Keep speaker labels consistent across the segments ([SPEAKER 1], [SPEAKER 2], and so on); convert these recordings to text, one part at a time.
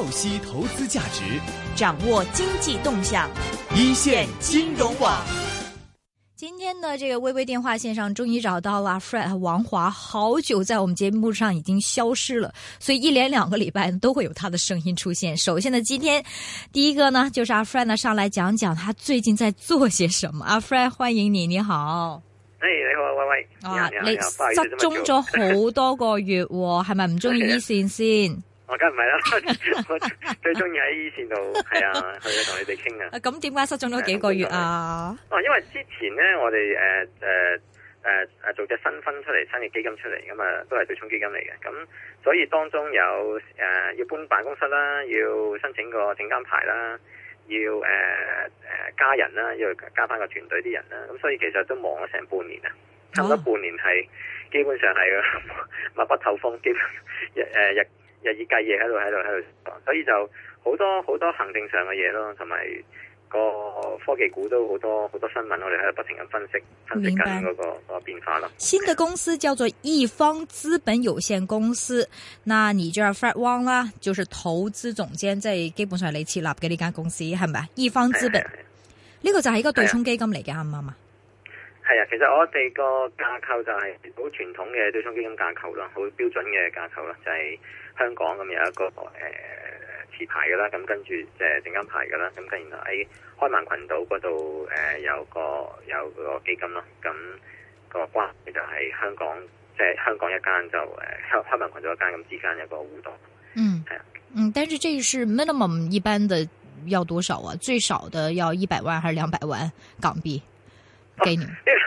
[SPEAKER 1] 透析投資價值，掌握經濟動向，一線金融網。今天的這個微微電話線上終於找到了 f r e n d 和王華，好久在我們節目上已經消失了，所以一連兩個禮拜都會有他的聲音出現。首先呢，今天第一個呢就是阿 f r e n d 上來講講他最近在做些什麼。阿 f r e n d i 歡迎你，你好。哎，你、哎
[SPEAKER 2] 哎哎哎、好，喂喂。啊，你失蹤咗好
[SPEAKER 1] 多個月，係咪唔中意一線先？哎
[SPEAKER 2] 我梗唔係啦， 我最中意喺線度，係 啊，去同你哋傾啊。咁
[SPEAKER 1] 點解失蹤咗幾個月
[SPEAKER 2] 啊？哦、啊，因為之前咧，我哋誒誒誒誒做隻新分出嚟，新嘅基金出嚟，咁、嗯、嘛，都係對沖基金嚟嘅，咁、嗯、所以當中有誒、呃、要搬辦公室啦，要申請個證監牌啦，要誒誒、呃、加人啦，要加翻個團隊啲人啦，咁、嗯、所以其實都忙咗成半年啊、
[SPEAKER 3] 哦，差唔多半年
[SPEAKER 2] 係基本上係密不透風，基本誒日。日日日以繼夜喺度，喺度，喺度，所以就好多好多行政上嘅嘢咯，同埋個科技股都好多好多新聞，我哋喺度不停咁分析，分析緊嗰、嗰個、嗰個變化啦。新
[SPEAKER 1] 嘅公司叫做易方資本有限公司，那你就 Fred Wong 啦，就是投資總監，即、就、係、是、基本上係你設立嘅呢間公司，係咪？易方資本呢、這個就係一個對沖基金嚟嘅，啱唔啱啊？
[SPEAKER 2] 係啊，其實我哋個架構就係好傳統嘅對沖基金架構啦，好標準嘅架構啦。就係、是、香港咁有一個誒、呃、持牌嘅啦，咁跟住即係證監牌嘅啦，咁跟住喺開曼群島嗰度誒有個有，個，有個基金咯，咁、那個關係就係香港即係、就是、香港一間就誒開曼群島一間咁之間有個互動。嗯，係啊，
[SPEAKER 1] 嗯，但是這是 minimum，一般的要多少啊？最少的要一百萬還是兩百萬港幣？ 因
[SPEAKER 2] 為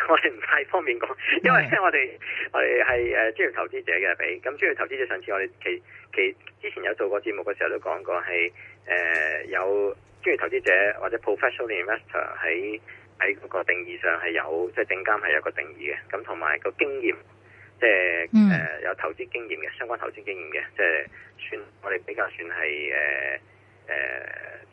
[SPEAKER 2] 我哋唔太方便講，因為我哋我哋係誒專業投資者嘅俾咁專業投資者上次我哋其其,其之前有做過節目嘅時候都講過係誒、呃、有專業投資者或者 professional investor 喺喺個定義上係有即係證監係有個定義嘅，咁同埋個經驗即係誒有投資經驗嘅相關投資經驗嘅，即、就、係、是、算我哋比較算係誒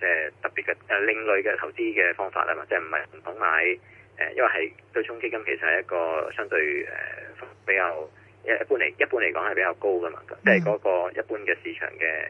[SPEAKER 2] 即係特別嘅另類嘅投資嘅方法啊嘛，即係唔係傳統買。誒，因為係對沖基金其實係一個相對誒比較一般來一般嚟一般嚟講係比較高嘅嘛，即係嗰個一般嘅市場嘅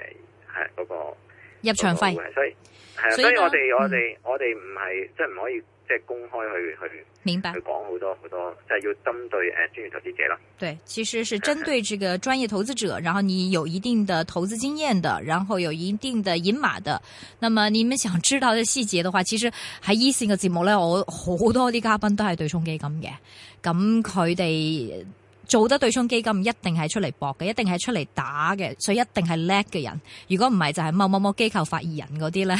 [SPEAKER 2] 係、嗰個、嗯嗰個、
[SPEAKER 1] 入場費，所以係
[SPEAKER 2] 啊，所以我哋、嗯、我哋我哋唔係即係唔可以。即係公開去去，明白佢講好多好多，即係、就是、要針對誒、呃、專業投資者啦。
[SPEAKER 1] 對，其實是針對這個專業投資者，然後你有一定的投資經驗的，然後有一定的銀碼的。那麼你們想知道的細節的話，其實喺 Eason 嘅節目呢。我好多啲嘉賓都係對沖基金嘅，咁佢哋。做得對沖基金一定係出嚟搏嘅，一定係出嚟打嘅，所以一定係叻嘅人。如果唔係就係某某某機構發言人嗰啲咧，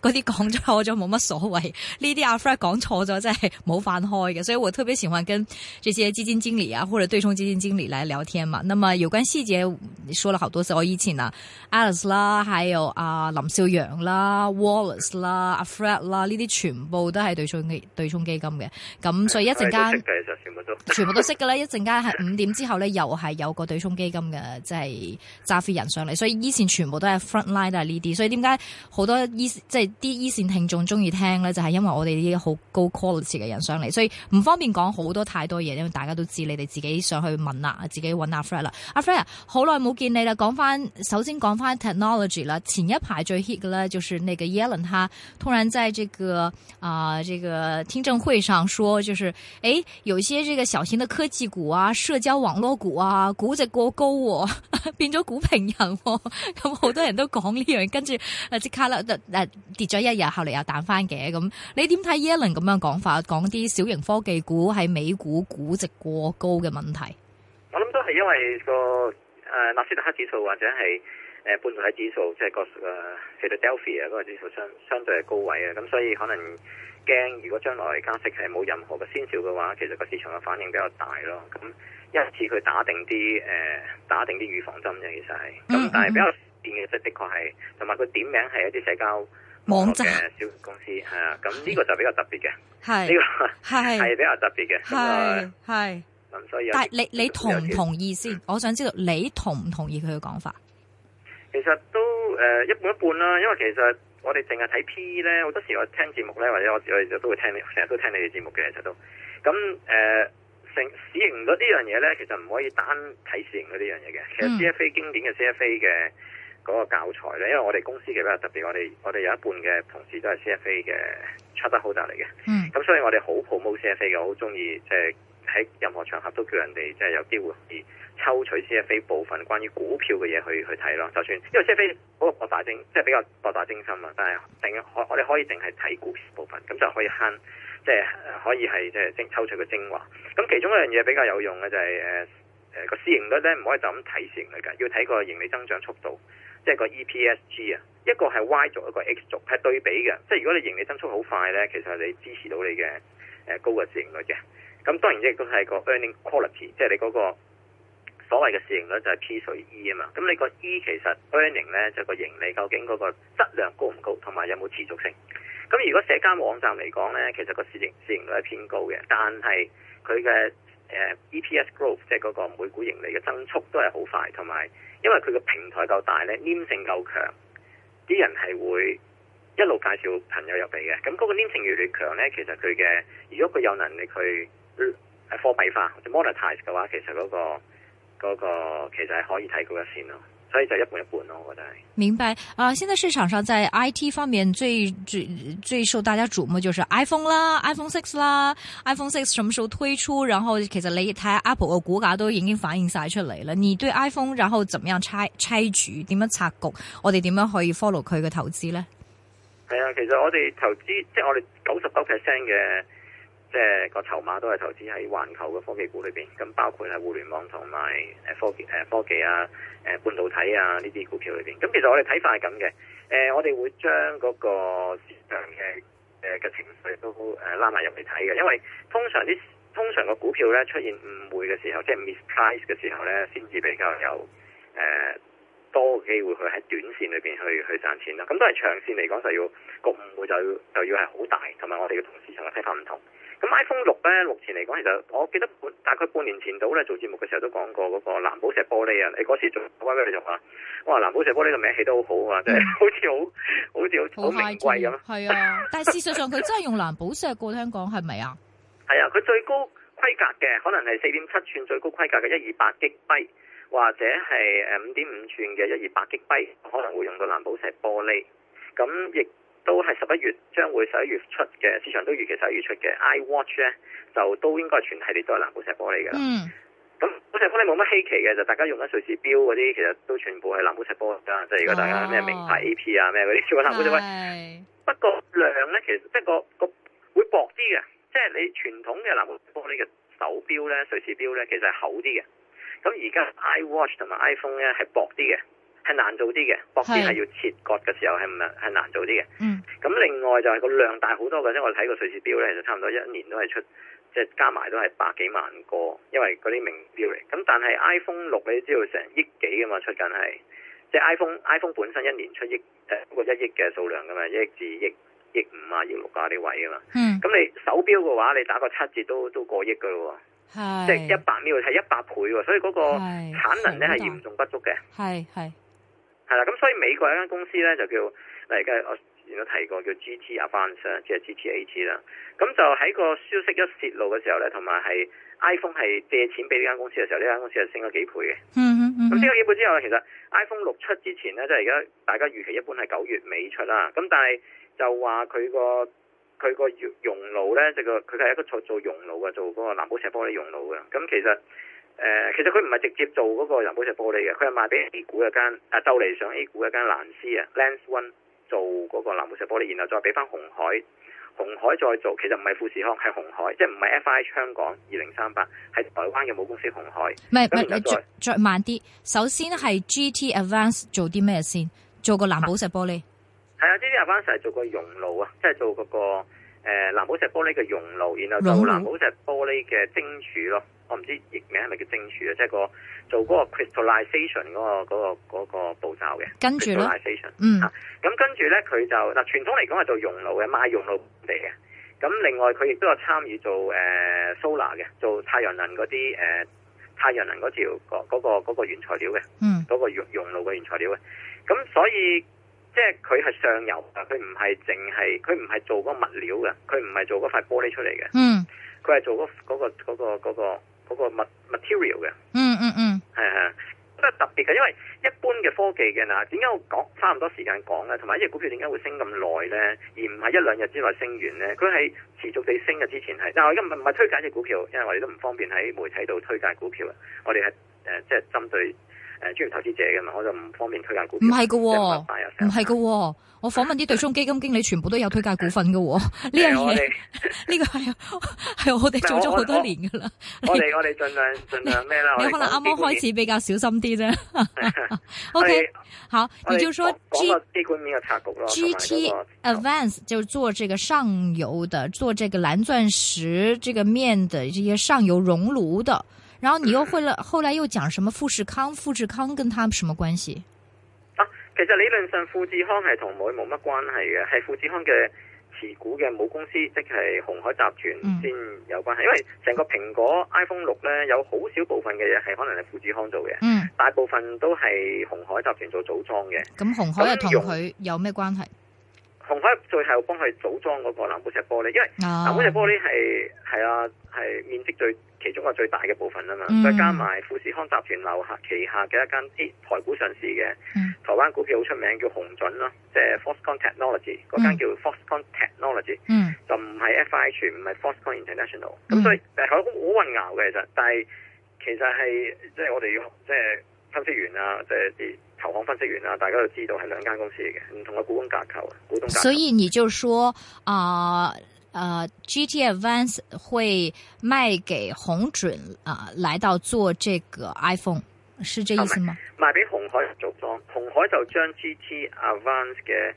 [SPEAKER 1] 嗰啲講錯咗冇乜所謂。呢啲阿 Fred 講錯咗真係冇飯開嘅。所以我特別喜歡跟這些基金經理啊或者對沖基金經理嚟聊天嘛。那麼有關、c、姐，你説了好多次。我以前啊 Alice 啦，Alice，還有啊林少陽啦，Wallace 啦阿 Fred 啦，呢啲全部都係對沖基基金嘅。咁所以一陣間、嗯嗯、
[SPEAKER 3] 全部都
[SPEAKER 1] 全部都識㗎啦。一陣間係。 五點之後咧，又係有個對沖基金嘅即係揸飛人上嚟，所以以前全部都係 front line 都係呢啲，所以點解好多依即係啲依線聽眾中意聽咧？就係、是、因為我哋呢啲好高 quality 嘅人上嚟，所以唔方便講好多太多嘢，因為大家都知道你哋自己上去問啦，自己揾阿 Fred 啦。阿 Fred 好、啊、耐冇見你啦，講翻首先講翻 technology 啦，前一排最 hit 嘅咧，就是呢個 Yellen 他突然在這個啊、呃、這個聽證會上說，就是誒、欸、有些這個小型的科技股啊，之有網絡股啊，估值過高啊，變咗股評人啊，咁好多人都講呢樣，跟住啊即卡即刻啦，誒跌咗一日，後嚟又彈翻嘅，咁你點睇耶倫咁樣講法，講啲小型科技股喺美股估值過高
[SPEAKER 2] 嘅問題？我諗都係因為個誒納斯達克指數或者係誒半導體指數，即係個誒其實 Delphi 啊嗰個指數相相對係高位嘅，咁所以可能驚如果將來加息係冇任何嘅先兆嘅話，其實個市場嘅反應比較大咯，咁。一次佢打定啲誒、呃，打定啲預防針嘅。其實係
[SPEAKER 1] 咁，但係比較
[SPEAKER 2] 點嘅，即係的確係，同埋佢點名係一啲社交網站小公司係啊，咁呢個就比較特別嘅，係呢、這個係係比較特別嘅，係係咁所以。但係
[SPEAKER 1] 你你同唔同意先、嗯？我想知道你同唔同意佢嘅講法？
[SPEAKER 2] 其實都誒、呃、一半一半啦，因為其實我哋淨係睇 P E 咧，好多時我聽節目咧，或者我我哋都會聽，成日都聽你哋節目嘅，其實都咁誒。嗯呃市市盈率呢樣嘢咧，其實唔可以單睇市盈率呢樣嘢嘅。其實 CFA、嗯、經典嘅 CFA 嘅嗰個教材咧，因為我哋公司嘅比較特別，我哋我哋有一半嘅同事都係 CFA 嘅出得好大力嘅。咁、嗯、所以我哋好 promote CFA 嘅，好中意即係喺任何場合都叫人哋即係有機會去抽取 CFA 部分關於股票嘅嘢去去睇咯。就算因為 CFA 好博大精，即係比較博大精深啊，但係定我哋可以淨係睇股票部分，咁就可以慳。即係可以係即係抽出個精華，咁其中一樣嘢比較有用嘅就係誒誒個市盈率咧，唔可以就咁睇市盈率㗎，要睇個盈利增長速度，即係個 EPSG 啊。一個係 Y 軸，一個係 X 軸，係對比嘅。即係如果你盈利增速好快咧，其實你支持到你嘅、呃、高嘅市盈率嘅。咁當然亦都係個 earning quality，即係你嗰個所謂嘅市盈率就係 P 除 E 啊嘛。咁你個 E 其實 earning 咧就個盈利究竟嗰個質量高唔高，同埋有冇持續性？咁如果社交網站嚟講呢，其實個市盈市盈率係偏高嘅，但係佢嘅 EPS growth 即係嗰個每股盈利嘅增速都係好快，同埋因為佢個平台夠大呢，黏性夠強，啲人係會一路介紹朋友入嚟嘅。咁嗰個黏性越嚟越強呢，其實佢嘅如果佢有能力去誒貨幣化或者 monetize 嘅話，其實嗰個嗰個其實係可以提高一線囉。所
[SPEAKER 1] 以就一半一半咯，我覺得係。明白啊、呃，現在市場上在 I T 方面最最最受大家矚目就是 iPhone 啦、iPhone Six 啦、iPhone Six 什麼時候推出？然後其實你睇 Apple 嘅股價都已經反映晒出嚟啦。你對 iPhone 然後怎麼樣拆拆局？點樣拆局？我哋點樣可以 follow 佢嘅投資咧？係啊，其實我哋投
[SPEAKER 2] 資即係、就是、我哋九十九 percent 嘅。即係個籌碼都係投資喺環球嘅科技股裏面，咁包括係互聯網同埋科技科技啊、半導體啊呢啲股票裏面。咁其實我哋睇法係咁嘅，我哋會將嗰個市場嘅嘅、呃、情緒都誒、呃、拉埋入嚟睇嘅，因為通常啲通常個股票咧出現誤會嘅時候，即係 misprice 嘅時候咧，先至比較有誒、呃、多個機會去喺短線裏面去去賺錢啦。咁都係長線嚟講就要個誤會就要就要係好大，同埋我哋嘅同市場嘅睇法唔同。咁 iPhone 六咧，目前嚟講其實，我記得大概半年前度咧做節目嘅時候都講過嗰個藍寶石玻璃啊！你嗰時做 Y Y 你仲話，哇藍寶石玻璃個名起得好好啊，即、嗯、係好似好好似好名貴咁。
[SPEAKER 1] 係啊，但係事實上佢真係用藍寶石個，聽講係咪啊？
[SPEAKER 2] 係啊，佢最高規格嘅可能係四點七寸最高規格嘅一二八吉碑，或者係誒五點五寸嘅一二八吉碑，可能會用到藍寶石玻璃。咁亦。都係十一月，將會十一月出嘅市場都預期十一月出嘅 iWatch 咧，就都應該全系列都係藍寶石玻璃噶啦。
[SPEAKER 3] 嗯，
[SPEAKER 2] 咁寶石玻璃冇乜稀奇嘅，就大家用緊瑞士錶嗰啲，其實都全部係藍寶石玻璃噶。即、哦、係如果大家咩名牌 A P 啊咩嗰啲，全部係藍寶石玻璃。係。不過量咧，其實即係個個會薄啲嘅，即、就、係、是、你傳統嘅藍寶石玻璃嘅手錶咧，瑞士錶咧，其實係厚啲嘅。咁而家 iWatch 同埋 iPhone 咧係薄啲嘅。係難做啲嘅，薄片係要切割嘅時候係唔係係難做啲嘅。嗯。咁另外就係個量大好多嘅，即我睇個瑞士表咧，就差唔多一年都係出，即係加埋都係百幾萬個，因為嗰啲名表嚟。咁但係 iPhone 六你知道成億幾噶嘛出緊係，即係 iPhone iPhone 本身一年出億誒，嗰一億嘅數量噶嘛，一至億億五啊億六啊啲位噶嘛。嗯。咁你手表嘅話，你打個七折都都過億噶咯喎。係。
[SPEAKER 3] 即係一
[SPEAKER 2] 百秒係一百倍，所以嗰個產能咧係嚴重不足嘅。係係。係啦，咁所以美國有一間公司咧就叫，嗱而家我都提過叫 G T Advanced，即係 G T A T 啦。咁就喺個消息一泄露嘅時候咧，同埋係 iPhone 係借錢俾呢間公司嘅時候，呢間公司係升咗幾倍嘅。嗯嗯
[SPEAKER 3] 嗯。咁升
[SPEAKER 2] 咗幾倍之後，其實 iPhone 六出之前咧，即係而家大家預期一般係九月尾出啦。咁但係就話佢個佢個融融爐咧，即佢係一個做做融爐嘅，做嗰個藍寶石玻璃融爐嘅。咁其實。誒、呃，其實佢唔係直接做嗰個藍寶石玻璃嘅，佢係賣俾 A 股一間，啊就嚟上 A 股一間藍絲啊，Lens One 做嗰個藍寶石玻璃，然後再俾翻鴻海，鴻海再做，其實唔係富士康，係鴻海，即係唔係 F I 香港二零三八，係台灣嘅母公司鴻海。唔係唔係，你再,
[SPEAKER 1] 再,再慢啲，首先係 G T Advance 做啲咩先？做個藍寶石玻璃？
[SPEAKER 2] 係啊，G T Advance 係做個熔爐啊，即係做嗰個誒藍寶石玻璃嘅熔爐，然後做藍寶石玻璃嘅晶柱咯。我唔知譯名係咪叫正處，啊，即係個做嗰個 crystallization 嗰個嗰個嗰個步驟嘅。跟住呢，嗯，咁跟住咧，佢就嗱傳統嚟講係做熔爐嘅，賣熔爐嚟嘅。咁另外佢亦都有參與做誒、uh, solar 嘅，做太陽能嗰啲、uh, 太陽能嗰條嗰個嗰、嗰個嗰個原材料嘅，嗰、嗯嗰個熔爐嘅原材料嘅。咁所以即係佢係上游啊，佢唔係淨係佢唔係做嗰個物料嘅，佢唔係做嗰塊玻璃出嚟嘅，嗯，佢係做嗰、嗰個。嗰個嗰個嗰、那個物 material 嘅，嗯嗯嗯，係啊，都係特別嘅，因為一般嘅科技嘅嗱，點解我講差唔多時間講咧？同埋呢隻股票點解會升咁耐咧？而唔係一兩日之內升完咧？佢係持續地升嘅，之前係，但係我而家唔係推介隻股票，因為我哋都唔方便喺媒體度推介股票啦。我哋係誒，即係針對。誒，專業投資者嘅嘛，我就唔方
[SPEAKER 1] 便推介股份。唔係嘅，唔係嘅，我訪問啲對沖基金經理，全部都有推介股份嘅。呢樣嘢，呢個係係我哋做咗好多年嘅 啦。我哋我哋盡量
[SPEAKER 2] 盡量咩啦？你可能啱啱開始
[SPEAKER 1] 比較小心啲啫。 OK， 好， 你就是說，G 基
[SPEAKER 2] 金嘅拆局咯，GT
[SPEAKER 1] Advance 就做這個上游的，做這個藍鑽石這個面的這些上游熔爐的。然後你又會了、嗯，後來又講什麼富士康？富士康跟他什麼關係？
[SPEAKER 2] 啊，其實理論上富士康係同佢冇乜關係嘅，係富士康嘅持股嘅母公司，即係鴻海集團先有關係。嗯、因為成個蘋果、嗯、iPhone 六咧，有好少部分嘅嘢係可能係富士康做嘅、嗯，大部分都係鴻海集團做組裝嘅。
[SPEAKER 1] 咁、嗯、鴻海又同佢有咩關係？嗯嗯
[SPEAKER 2] 同佢最後幫佢組裝嗰個藍寶石玻璃，因為藍寶石玻璃係係、oh. 啊係面積最其中個最大嘅部分啊嘛，再、mm. 加埋富士康集團樓下旗下嘅一間啲、哎、台股上市嘅、mm. 台灣股票好出名叫鴻準啦即、就、係、是、Foxconn Technology 嗰、mm. 間叫 Foxconn Technology，、mm. 就唔係 FI 全唔係 Foxconn International，咁、mm. 所以股好混淆嘅其實，但係其實係即係我哋要即係。就是分析員啊，即係啲投行分析員啊，大家都知道係兩間公司嘅唔同嘅股東架構啊，股東
[SPEAKER 1] 架構，所以你就說啊，誒、呃呃、，G T Advance 會賣給紅準啊、呃，來到做這個 iPhone，是這意思嗎？
[SPEAKER 2] 賣俾紅海做莊，紅海就將 G T Advance 嘅、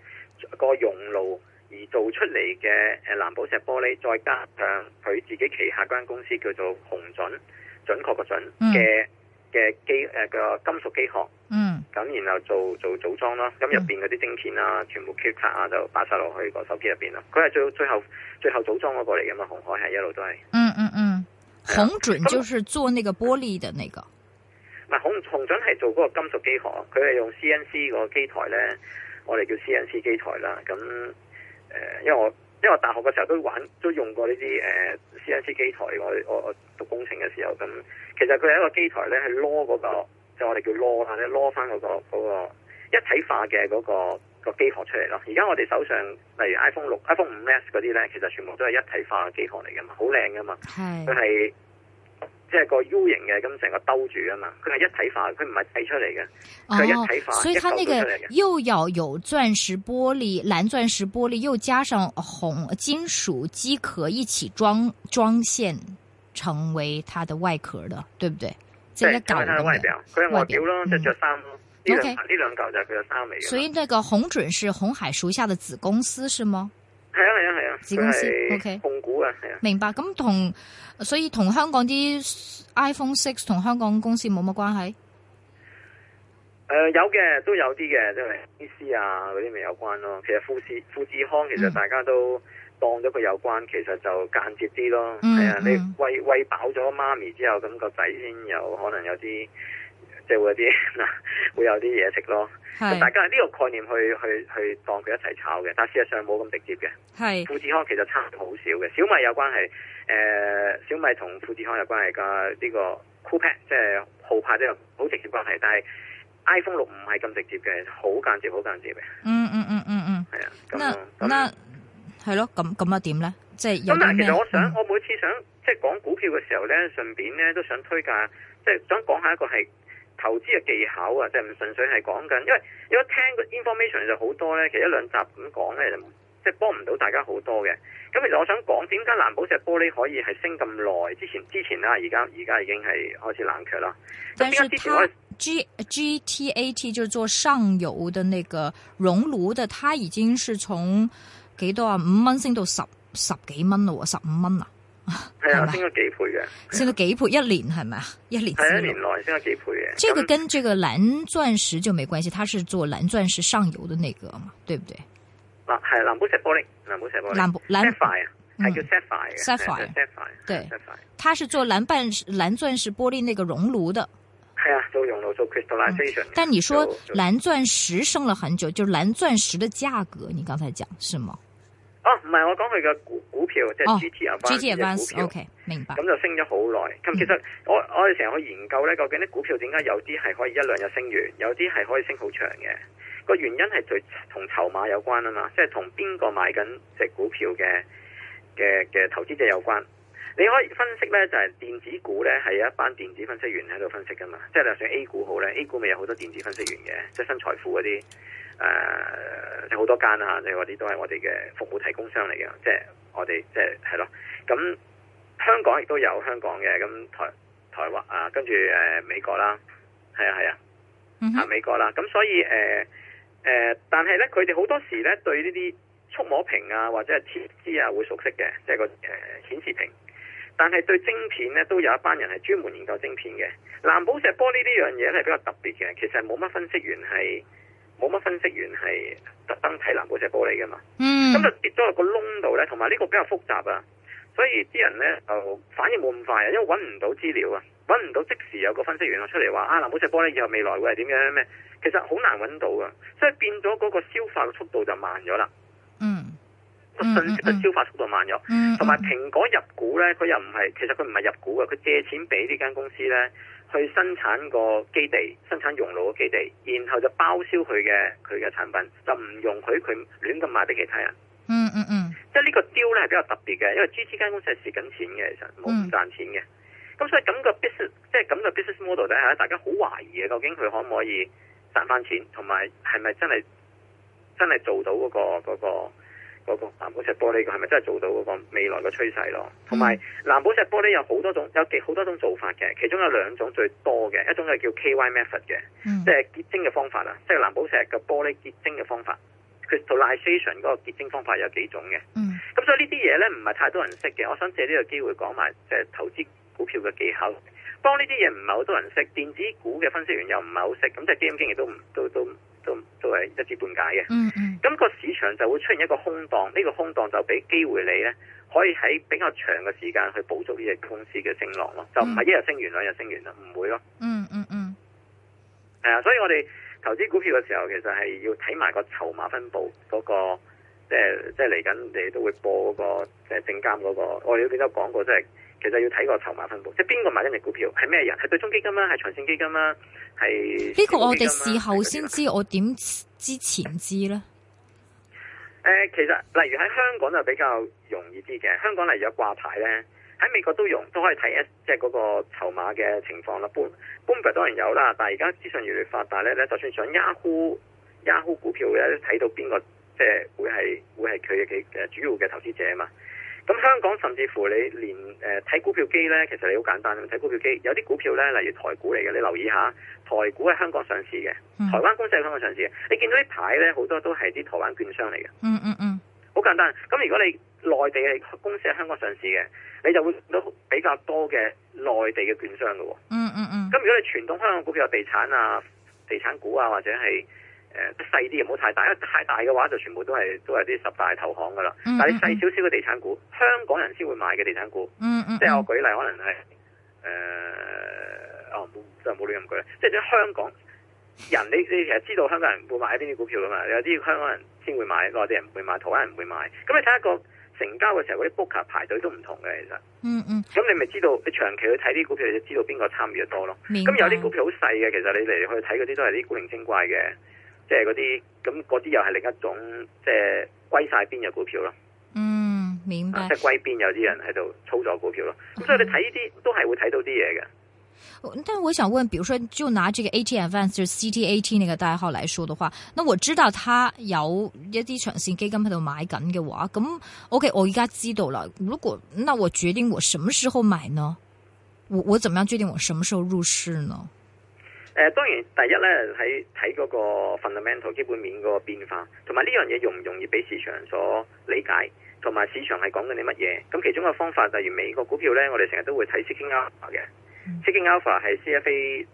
[SPEAKER 2] 那個熔爐而做出嚟嘅誒藍寶石玻璃，再加上佢自己旗下間公司叫做紅準，準確個準嘅。嗯嘅機誒個金屬機殼，嗯，咁然後做做組裝啦，咁入邊嗰啲晶片啊，全部缺卡啊，就擺晒落去個手機入邊啦。佢係最最後最後組裝嗰個嚟嘅嘛，鴻海係一路都係。嗯嗯嗯，鴻準就
[SPEAKER 1] 係做那個玻璃嘅。那個，唔、
[SPEAKER 2] 嗯、係鴻鴻準係做嗰個金屬機殼，佢係用 CNC 個機台咧，我哋叫 CNC 機台啦。咁誒、呃，因為我。因為我大學嘅時候都玩，都用過呢啲誒 CNC 機台。我我讀工程嘅時候，咁其實佢係一個機台咧，係攞嗰個，即係我哋叫攞下咧攞翻嗰個嗰個一體化嘅嗰個機殼出嚟咯。而家我哋手上例如 iPhone 六、iPhone 五 S 嗰啲咧，其實全部都係一體化嘅機殼嚟嘅嘛，好靚噶嘛，佢係。即係個 U 型嘅，咁成個兜住啊嘛，佢係一體化，佢唔係睇出嚟嘅、啊，一體化。所以佢那個
[SPEAKER 1] 又要有鑽石玻璃、藍鑽石玻璃，又加上紅金屬機殼一起裝裝線，成為它的外殼的，對不對？即係外表，佢係外表咯，
[SPEAKER 2] 即係着衫咯。O K，呢兩嚿、okay、就係佢嘅衫嚟嘅。所
[SPEAKER 1] 以，那個紅準是紅海屬下的子公司，是嗎？
[SPEAKER 2] 係啊係啊係啊，子公司
[SPEAKER 1] OK，控股啊係、okay. 啊。明白咁同，所以同香港啲 iPhone 6同香港公司冇乜關係。
[SPEAKER 2] 誒、呃，有嘅都有啲嘅，即係 A C 啊嗰啲咪有關咯。其實富士富士康其實大家都、嗯、當咗佢有關，其實就間接啲咯。係、嗯、啊，你喂喂飽咗媽咪之後，咁、那個仔先有可能有啲。就會啲嗱，會有啲嘢食咯。咁大家係呢個概念去去去當佢一齊炒嘅，但事實上冇咁直接嘅。
[SPEAKER 3] 係富士
[SPEAKER 2] 康其實差好少嘅，小米有關係。誒、呃，小米同富士康有關係噶呢個酷派，即係酷派即係好直接關係。但係 iPhone 六唔係咁直接嘅，好間接，好間接嘅。嗯嗯嗯嗯
[SPEAKER 1] 嗯。係、嗯、啊。咁、嗯、咁，係咯。咁咁又點咧？
[SPEAKER 2] 即係咁。但其實我想，嗯、我每次想即係講股票嘅時候咧，順便咧都想推介，即係想講下一個係。投資嘅技巧啊，即係唔純粹係講緊，因為如果聽個 information 就好多咧，其實一兩集咁講咧就即係幫唔到大家好多嘅。咁其實我想講點解藍寶石玻璃可以係升咁耐？之前之前啦、啊，而家而家已經係開始冷卻啦。
[SPEAKER 1] 但係佢 G G T A T 就係做上游嘅那個熔爐的，它已經係從幾多啊五蚊升到十十幾蚊咯喎，十五蚊啊！
[SPEAKER 3] 係啊，升咗幾倍嘅，升
[SPEAKER 1] 咗幾倍一年係咪啊，一年係一年內升咗
[SPEAKER 2] 幾倍嘅。這個
[SPEAKER 1] 跟這個藍鑽石就沒關係，它是做藍鑽石上游的那個嘛、嗯，對唔對？
[SPEAKER 2] 嗱，係藍寶石玻璃，藍寶石玻璃，藍藍石啊，係、嗯、叫 sapphire，sapphire，sapphire，對，
[SPEAKER 1] 它是做藍半藍鑽石玻璃那個熔爐的。
[SPEAKER 2] 係啊，做熔爐做 crystallization、嗯。但你
[SPEAKER 1] 說藍鑽石升了很久，就是藍鑽石的價格，你剛才講是嗎？
[SPEAKER 2] 哦，唔係，我講佢嘅股股票，即係 GT 有關嘅股票，OK，明白。咁就升咗好耐。咁、嗯、其實我我哋成日去研究咧，究竟啲股票點解有啲係可以一兩日升完，有啲係可以升好長嘅？個原因係同籌碼有關啊嘛，即係同邊個買緊隻股票嘅嘅嘅投資者有關。你可以分析咧，就係電子股咧，係有一班電子分析員喺度分析噶嘛。即係，就算 A 股好咧，A 股咪有好多電子分析員嘅，即係新財富嗰啲誒，好多間啊，即係啲都係我哋嘅服務提供商嚟嘅。即係我哋即係係咯。咁香港亦都有香港嘅，咁台台灣啊，跟住誒美國啦，係啊係啊，啊美國啦。咁所以誒誒，但係咧，佢哋好多時咧對呢啲觸摸屏啊，或者係貼紙啊，會熟悉嘅，即係個誒、呃、顯示屏。但係對晶片咧，都有一班人係專門研究晶片嘅。藍寶石玻璃這件事，呢樣嘢係比較特別嘅，其實冇乜分析員係冇乜分析員係特登睇藍寶石玻璃㗎嘛。
[SPEAKER 3] 咁、嗯、就
[SPEAKER 2] 跌咗落個窿度咧，同埋呢個比較複雜啊，所以啲人咧就、呃、反應冇咁快啊，因為揾唔到資料啊，揾唔到即時有個分析員出嚟話啊藍寶石玻璃以後未來會係點樣咩？其實好難揾到啊，所以變咗嗰個消化嘅速度就慢咗啦。信息嘅消化速度慢咗，同埋蘋果入股呢，佢又唔係，其實佢唔係入股嘅，佢借錢俾呢間公司呢，去生產個基地，生產熔爐嘅基地，然後就包銷佢嘅佢嘅產品，就唔容許佢亂咁賣俾其他人。嗯嗯嗯，即係呢個 deal 係比較特別嘅，因為呢支間公司係蝕緊錢嘅，其實冇賺錢嘅。咁、嗯、所以咁個 business，即係咁個 business model 咧，係大家好懷疑嘅，究竟佢可唔可以賺翻錢，同埋係咪真係真係做到嗰個嗰個？嗰、那個藍寶石玻璃，佢係咪真係做到嗰個未來嘅趨勢咯？同、mm. 埋藍寶石玻璃有好多種，有幾好多種做法嘅。其中有兩種最多嘅，一種就叫 KY method 嘅、mm.，即係結晶嘅方法啦，即係藍寶石嘅玻璃結晶嘅方法。佢做 crystallization 嗰個結晶方法有幾種嘅。咁、mm. 所以呢啲嘢呢，唔係太多人識嘅。我想借呢個機會講埋即係投資股票嘅技巧。當呢啲嘢唔係好多人識，電子股嘅分析員又唔係好識，咁即係基金亦都唔都。都係一知半解嘅。嗯嗯，咁個市場就會出現一個空檔，呢個空檔就俾機會你咧，可以喺比較長嘅時間去捕捉呢隻公司嘅升浪咯，就唔係一日升完，兩日升完啦，唔會咯，嗯嗯嗯，係啊，所以我哋投資股票嘅時候，其實係要睇埋個籌碼分佈嗰個，即係即係嚟緊，你都會播嗰個，即係證監嗰個，我哋都記得講過，即係。其實要睇個籌碼分布，即係邊個買緊隻股票，係咩人，係對沖基金啦，係長線基金啦，係呢個我哋事
[SPEAKER 1] 後先知，我點之前知咧？
[SPEAKER 2] 誒、呃，其實例如喺香港就比較容易啲嘅，香港例如有掛牌咧，喺美國都用都可以睇一即係嗰個籌碼嘅情況啦。搬搬牌當然有啦，但係而家資訊越嚟越發達咧，咧就算上 Yahoo Yahoo 股票咧睇到邊個即係會係會係佢嘅誒主要嘅投資者啊嘛。咁香港甚至乎你連睇、呃、股票機咧，其實你好簡單啊！睇股票機有啲股票咧，例如台股嚟嘅，你留意一下，台股喺香港上市嘅、嗯，台灣公司喺香港上市嘅。你見到啲牌咧，好多都係啲台灣券商嚟嘅。嗯嗯嗯，好、嗯、簡單。咁如果你內地嘅公司喺香港上市嘅，你就會都比較多嘅內地嘅券商嘅、哦。嗯嗯嗯。咁、嗯、如果你傳統香港股票有地產啊、地產股啊或者係，誒、呃，細啲唔好太大，因為太大嘅話就全部都係都係啲十大投行噶啦、嗯嗯。但係你細少少嘅地產股，香港人先會買嘅地產股。嗯，
[SPEAKER 3] 嗯，嗯即係我舉
[SPEAKER 2] 例可能係誒、呃，哦，即係冇亂咁舉。即係香港人，你你其實知道香港人會買邊啲股票噶嘛？有啲香港人先會買，內地人唔會買，台灣人唔會買。咁你睇下個成交嘅時候嗰啲 booker 排隊都唔同嘅，其實。嗯咁、嗯、你咪知道你長期去睇啲股票，你就知道邊個參與得多咯。咁有啲股票好細嘅，其實你嚟去睇嗰啲都係啲古靈精怪嘅。即係嗰啲，咁嗰啲又係另一種，即係歸晒邊嘅股票
[SPEAKER 3] 咯。嗯，明白。即係
[SPEAKER 2] 歸邊有啲人喺度操作股票咯。咁、嗯、所以你睇呢啲都係會睇到啲嘢嘅。
[SPEAKER 1] 但係我想問，比如說就拿這個 AT Advanced 就 CTAT 那個代號來說的話，那我知道他有一啲長線基金喺度買緊嘅話，咁 OK，我而家知道啦。如果那我決定我什麼時候買呢？我我怎麼樣決定我什麼時候入市呢？
[SPEAKER 2] 誒、呃、當然，第一咧，睇睇嗰個 fundamental 基本面嗰個變化，同埋呢樣嘢容唔容易俾市場所理解，同埋市場係講緊啲乜嘢？咁其中個方法，例如美國股票咧，我哋成日都會睇 Seeking Alpha 嘅，Seeking Alpha 係 CFA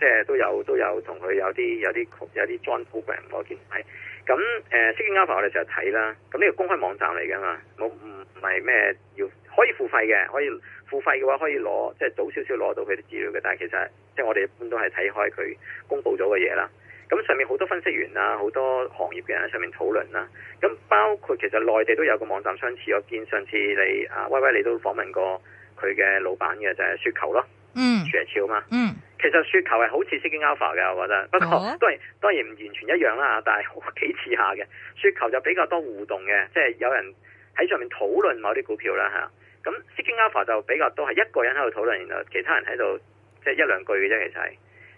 [SPEAKER 2] 即係都有都有同佢有啲有啲有啲 join program 可見係。咁誒 Seeking Alpha 我哋就係睇啦。咁呢個公開網站嚟㗎嘛，冇唔係咩要可以付費嘅，可以。付費嘅話可以攞，即係早少少攞到佢啲資料嘅。但係其實，即係我哋一般都係睇開佢公布咗嘅嘢啦。咁上面好多分析員啊，好多行業嘅人喺上面討論啦。咁包括其實內地都有個網站相似，上次我見上次你啊威威你都訪問過佢嘅老闆嘅就係雪球咯，嗯、mm.，雪球嘛，嗯、mm.，其實雪球係好似 Seeking Alpha 嘅，我覺得，不過、oh. 當然當然唔完全一樣啦，但係幾似下嘅。雪球就比較多互動嘅，即係有人喺上面討論某啲股票啦，吓。咁 Seeking Alpha 就比較多係一個人喺度討論，然後其他人喺度即係一兩句嘅啫，其實係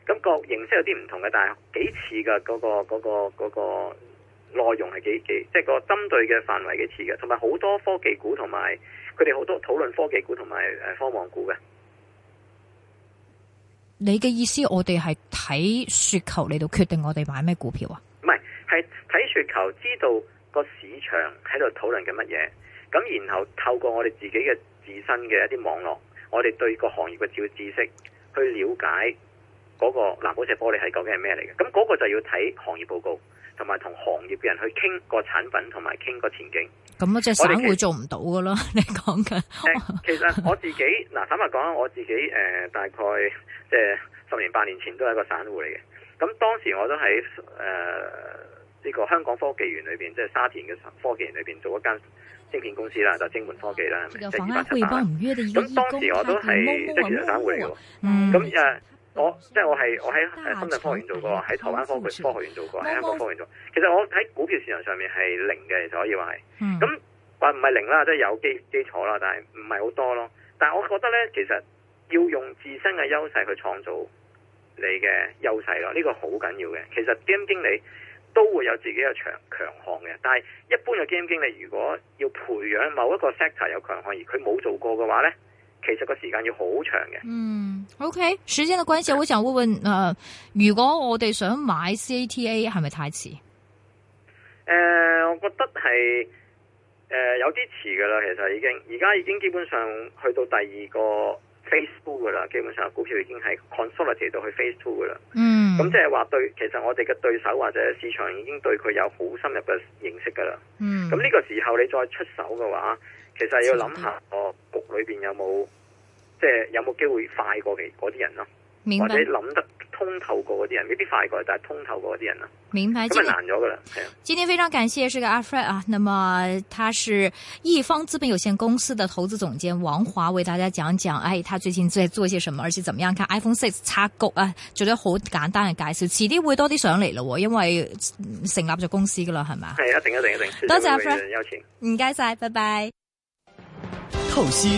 [SPEAKER 2] 咁，那個形式有啲唔同嘅，但係幾似㗎。嗰，那個嗰，那個嗰，那個那個內容係幾幾即係個針對嘅範圍幾似嘅，同埋好多科技股同埋佢哋好多討論科技股同埋科網股嘅。
[SPEAKER 1] 你嘅意思我哋係睇雪球嚟到決定我哋買咩股票啊？唔
[SPEAKER 2] 係，係睇雪球知道個市場喺度討論緊乜嘢。咁然後透過我哋自己嘅自身嘅一啲網絡，我哋對個行業嘅小知識去了解嗰個藍寶石玻璃係究竟係咩嚟嘅？咁嗰個就要睇行業報告，同埋同行業嘅人去傾個產品，同埋傾個前景。咁即係散戶
[SPEAKER 1] 做唔到噶咯？你講
[SPEAKER 2] 㗎。 其實我自己嗱，坦白講，我自己誒，大概即係十年八年前都係一個散戶嚟嘅。咁當時我都喺誒呢個香港科技園裏邊，即係沙田嘅科技園裏邊做一間。芯片公司啦，就精、是、門科技啦。即係二百七，
[SPEAKER 3] 咁當時我都係、就是、其實散戶嚟嘅。咁、嗯、
[SPEAKER 2] 啊、嗯嗯，我即係我係、嗯、我喺深圳科學院做過，喺台灣科學科學院做過，喺香港科學院做。其實我喺股票市場上面係零嘅，可以話係。咁話唔係零啦，即係有基基礎啦，但係唔係好多咯。但係我覺得咧，其實要用自身嘅優勢去創造你嘅優勢咯，呢、這個好緊要嘅。其實基金經理。都會有自己嘅強強項嘅，但係一般嘅基金經理，如果要培養某一個 sector 有強項，而佢冇做過嘅話咧，其實個時間要好長嘅。
[SPEAKER 1] 嗯，OK，時間嘅關係、嗯，我想問問誒、呃，如果我哋想買 CATA 係咪太遲？
[SPEAKER 2] 誒、呃，我覺得係、呃、有啲遲噶啦，其實已經而家已經基本上去到第二個。Facebook 噶啦，基本上股票已經喺 consolidate 到去 Facebook 噶啦。嗯，咁即係話對，其實我哋嘅對手或者市場已經對佢有好深入嘅認識噶啦。嗯，
[SPEAKER 3] 咁呢個時
[SPEAKER 2] 候你再出手嘅話，其實要諗下個局裏邊有冇，即係有冇機會快過佢嗰啲人咯。明
[SPEAKER 1] 白。或者諗得。
[SPEAKER 2] 通透過
[SPEAKER 1] 嗰啲人未必快過，但係通透過嗰啲人啊，明白咁係難咗噶啦。係啊，今天非常感謝是個阿 Fred 啊。那麼他是易方資本有限公司的投資總監王華，為大家講講，哎，他最近在做些什麼，而且怎麼樣？看 iPhone Six 拆局啊，做得好簡單的解釋、介紹。遲啲會多啲上嚟咯，因為成立咗公司噶啦，係咪？係
[SPEAKER 3] 一定一定一定。多謝阿 Fred，邀
[SPEAKER 1] 請。唔該晒，拜拜。
[SPEAKER 3] 投資